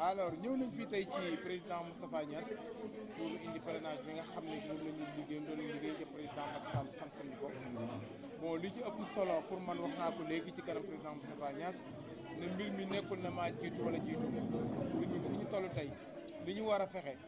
alors ñëw nañ fii tey ci président Moustapha Niass pour indi parrainage bi nga xam ne moom la ñu liggéey doon liggéey ci président Macky Sall sant ñu ko bon li ci ëpp solo pour man wax naa ko léegi ci kanam président Moustapha Niass ne mbir mi nekkul na ma jiitu wala jiitu mbir ñu toll tey li ñu war a fexe.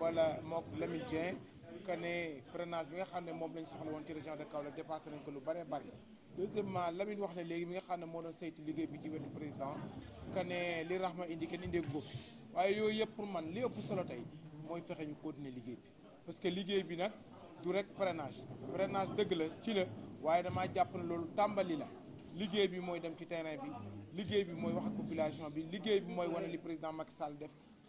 wala mok Lamine Dieng que ne bi nga xamné mom moom soxla won ci région de Kaolack dépassé nañ ko lu bari bari deuxièmement Lamine wax ne léegi mi nga xamné mo moo doon saytu liggéey bi ci wetu président que li rahma indi kenn indee góob waaye yooyu yëpp pour man li ëpp solo tay moy fexe ñu continuer liggéey bi parce que liggéey bi nak du rek parrainage parrainage dëgg la ci la waaye dama japp na lolu tambali la. liggéey bi moy dem ci terrain bi liggéey bi moy wax ak population bi liggéey bi moy wane li président Macky Sall def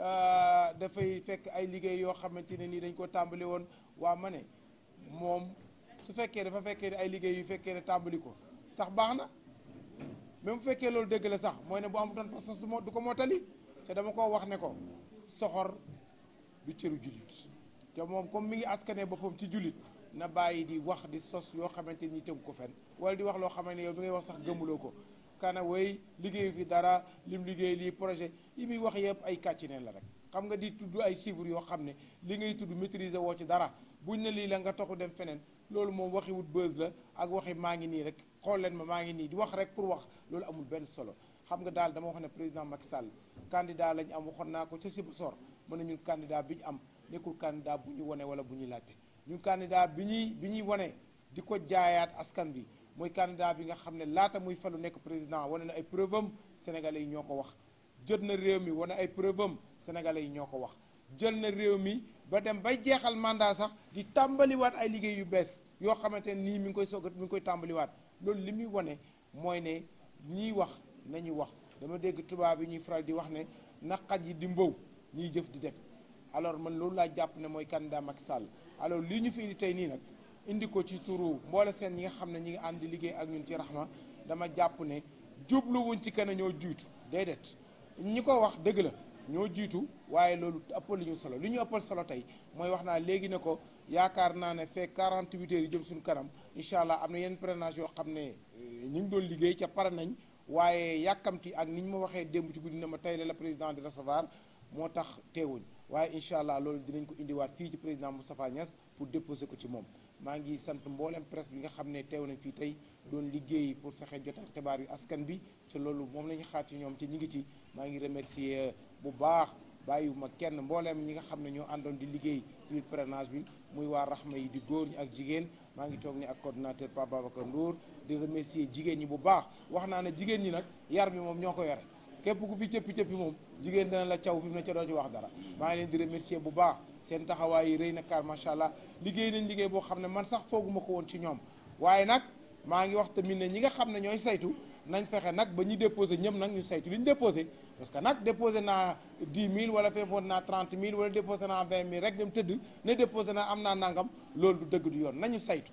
Euh, dafay fekk ay liggéey yoo xamante ne nii dañ koo tàmbali woon waa ma ne moom su fekkee dafa fekkee ne ay liggéey yu fekkee ne tàmbali ko sax baax na même bu fekkee loolu dëgg la sax mooy ne bu amutoon pas-pas du ko mottali te dama koo wax ne ko soxor du cëru jullit te moom comme mi ngi askanee boppam ci jullit na bàyyi di wax di sos yoo xamante ni tegu ko fen wala di wax loo xaman ne yow mi ngay wax sax gëmuloo ko Kanaway liggéey fi dara lim liggéey lii projet yi muy wax yëpp ay kàccineen la rek xam nga di tudd ay chiffres yoo xam ne li ngay tudd maîtriser woo ci dara bu ñu ne lii la nga toxu dem feneen loolu moom waxi wut bës la ak waxi maa ngi nii rek xool leen ma maa ngi nii di wax rek pour wax loolu amul benn solo xam nga daal dama wax ne président Macky Sall candidat lañu am waxoon naa ko ca si Sibassor mën na ñun candidat bi ñu am nekkul candidat bu ñu wone wala bu ñuy laajte ñun candidat bi ñuy bi ñuy wone di ko jaayaat askan bi mooy candidat bi nga xam ne laata muy falu nekk président wane na ay preuve am yi ñoo ko wax jot na réew mi wane ay preuve sénégalais yi ñoo ko wax jël na réew mi ba dem ba jeexal mandat sax di tàmbaliwaat ay liggéey yu bees yoo xamante ne nii mi ngi koy soog mi ngi koy tàmbaliwaat loolu li muy wane mooy ne ñiy wax nañu wax dama dégg tubaab yi ñuy faral di wax ne naqaj yi di mbow ñuy jëf di def alors man loolu laa jàpp ne mooy candidat Macky Sall alors lii ñu fi indi tey nii nag indi ko ci turu mboole seen ñi nga xam ne ñi ngi ànd liggéey ak ñun ci Rahma dama jàpp ne jubluwuñ ci kenn ñoo jiitu déedéet ñi ko wax dëgg ñoo jiitu waaye loolu ëppal li ñu solo li ñu ëppal solo tey mooy wax naa léegi ne ko yaakaar naa ne fekk 48 heures yi jëm suñu kanam incha allah am na yenn parrainage yoo xam ne euh, ñu ngi doon liggéey ca pare nañ waaye yàkkamti ak ni ñu ma waxee démb ci guddi na ma tey la la président di recevoir moo tax teewuñ waaye incha allah loolu dinañ ko indiwaat fii ci président Moustapha Niass pour déposer ko ci moom maa ngi sant mboolem presque bi nga xam ne teew nañ fii tey doon liggéey pour fexe jotal xibaar yu askan bi te loolu moom la ñu xaar ci ñoom ci ñi ngi ci maa ngi remercier euh, bu baax ma kenn mbooleem ñi nga xam ne ñoo àndoon di liggéey ci biir parrainage bi muy waa raxma yi di góor ñi ak jigéen maa ngi toog ni ak coordinateur Pape Babacar Ndour di remercier jigéen ñi bu baax wax naa ne jigéen ñi nag yar bi moom ñoo ko yore képp ku fi cëppi cëppi moom jigéen dana la caw fi mu ne ca doo ci wax dara maa bu baax seen taxawaay yi rëy na kaar macha allah liggéey nañ liggéey boo xam ne man sax fooguma ko woon ci ñoom waaye nag maa ngi wax tamit ne ñi nga xam ne ñooy saytu nañ fexe nag ba ñu déposé ñëm nag ñu saytu li ñu déposé parce que nag déposé naa 10 000 wala fekkoon naa 30 mille wala déposé naa 20 000 rek dem tëdd ne déposé naa am naa nangam loolu dëgg du yoon nañu saytu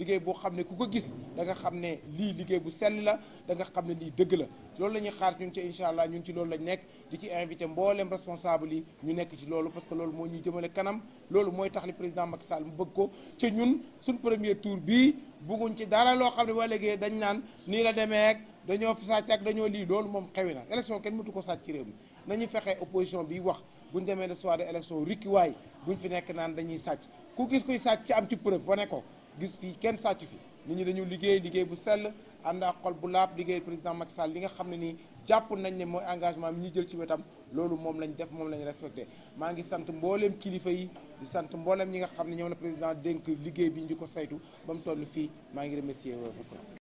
liggéey boo xam ne ku ko gis da nga xam ne lii liggéey bu sell la da nga xam ne lii dëgg la loolu la ñuy xaar ñun ci incha allah ñun ci loolu lañu nekk di ci invité mboolem responsable yi ñu nekk ci loolu parce que loolu moo ñuy jëmale kanam loolu mooy tax li président Macky Sall mu bëgg ko ci ñun suñ premier tour bii bugguñ ci dara loo xam ne boo léegi dañ naan nii la demee dañoo sàcc ak dañoo lii loolu moom xewi na élection kenn mëtu ko sàcc ci réew fexe opposition bi wax buñ demee le soir de élection rikki waay buñ fi nekk naan dañuy sàcc ku gis kuy sàcc am ci preuve wane ko gis fii kenn sàcc fi nit ñi dañu liggéey liggéey bu sell ànd ak xol bu laab liggéey président Macky Sall li nga xam ne ni jàpp nañ ne mooy engagement bi ñu jël ci wetam loolu moom lañ def moom lañ respecté maa ngi sant mbooleem kilifa yi di sant mbooleem ñi nga xam ne ñoom na président dénk liggéey bi ñu di ko saytu ba mu toll fii maa ngi remercier